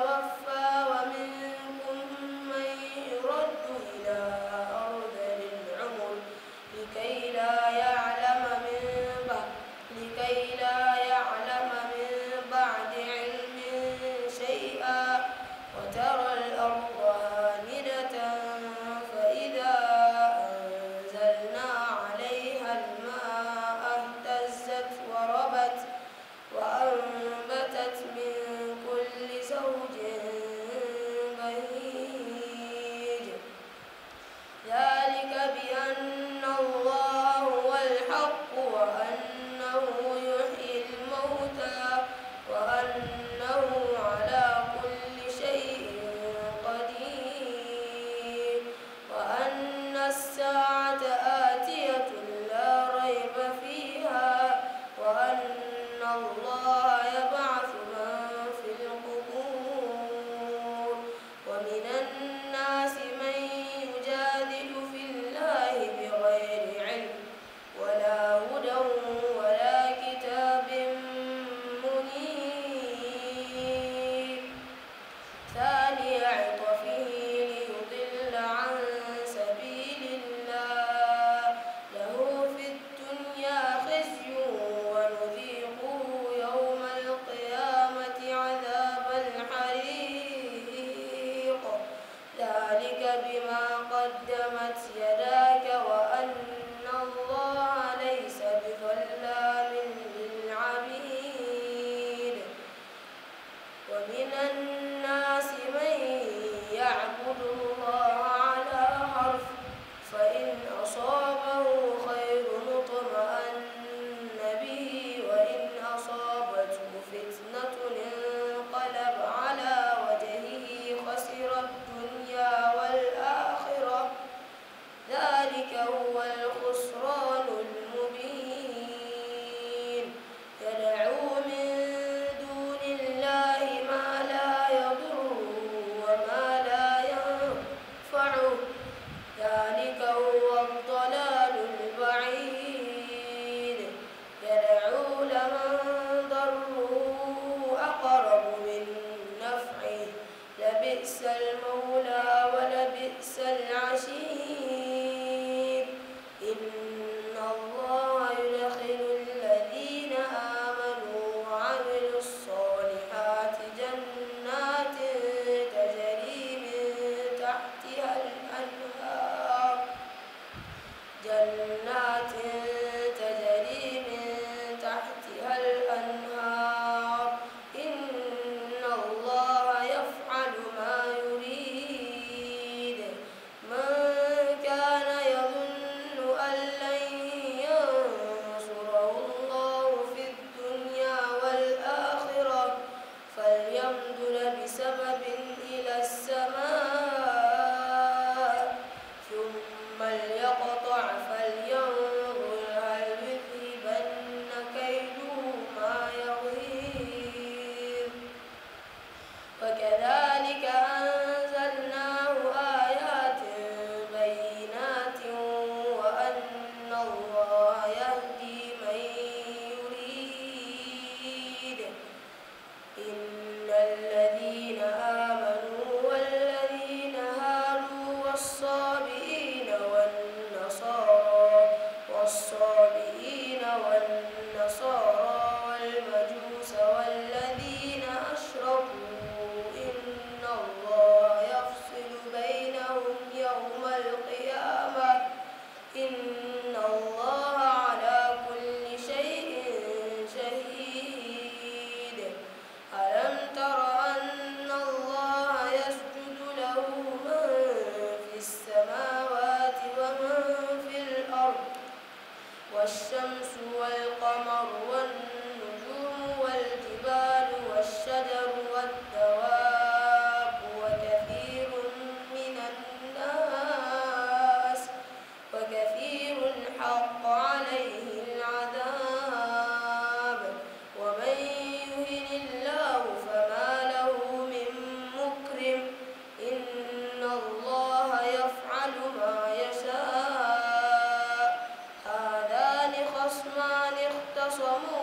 ela ذلك هو الخسران وكذلك sua mão.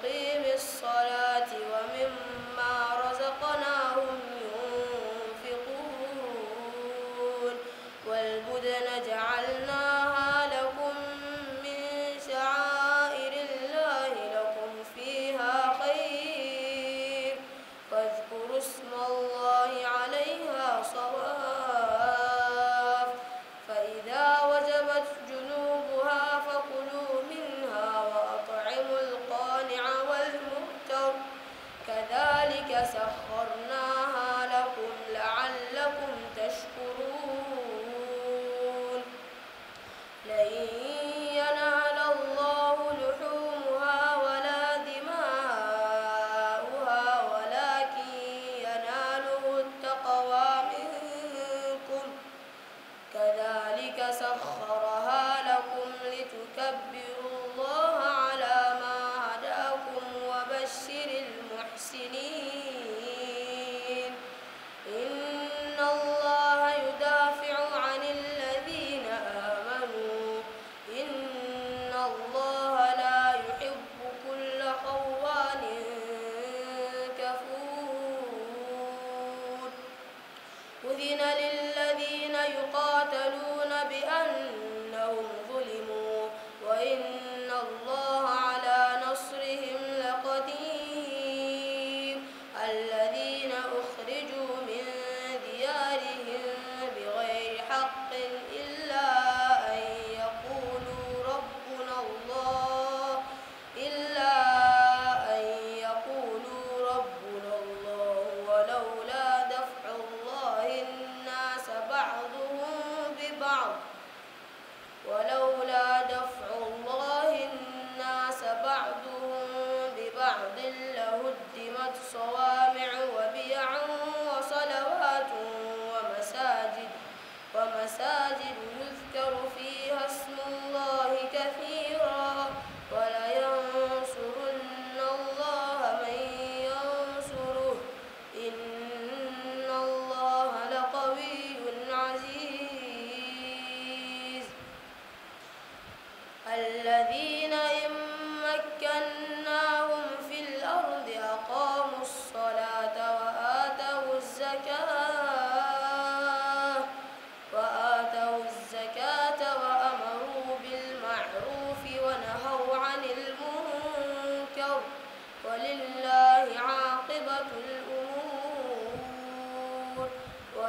مقيم الصلاة ومما رزقناهم ينفقون والبدن جعلنا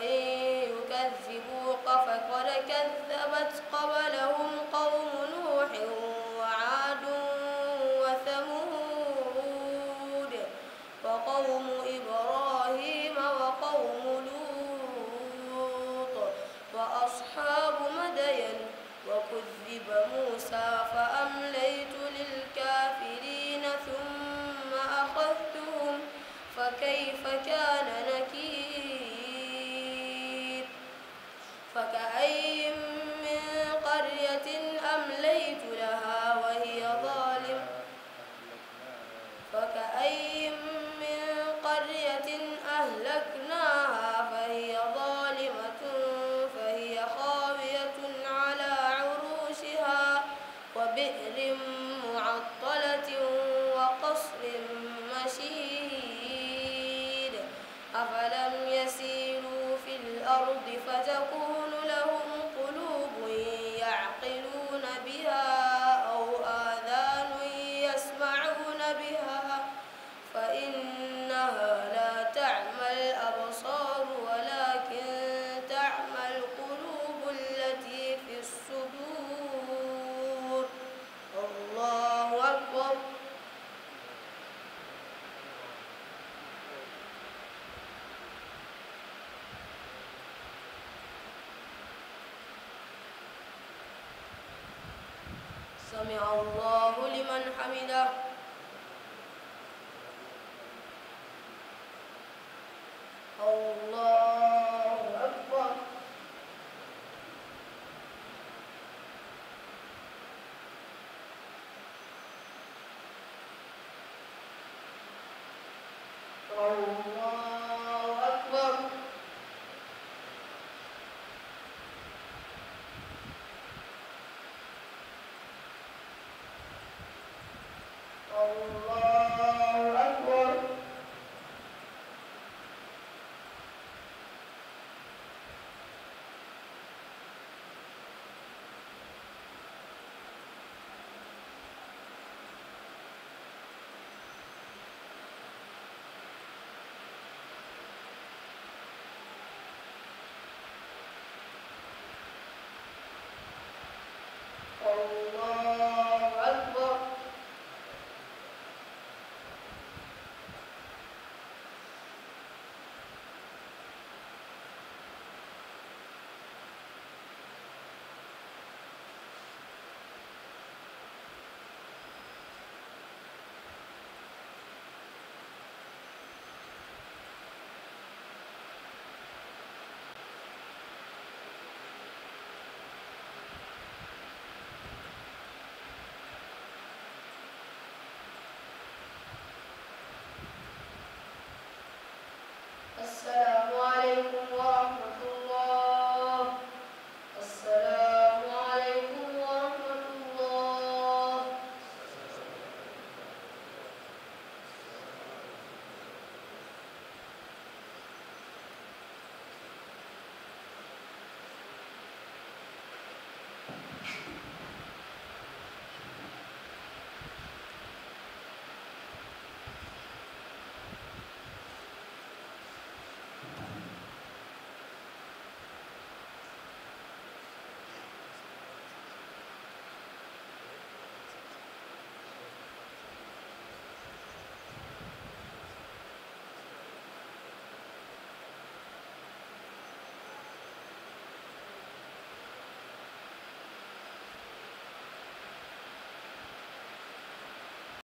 وإن يكذبوك فقد كذبت قبل Bismi Allah. Oh,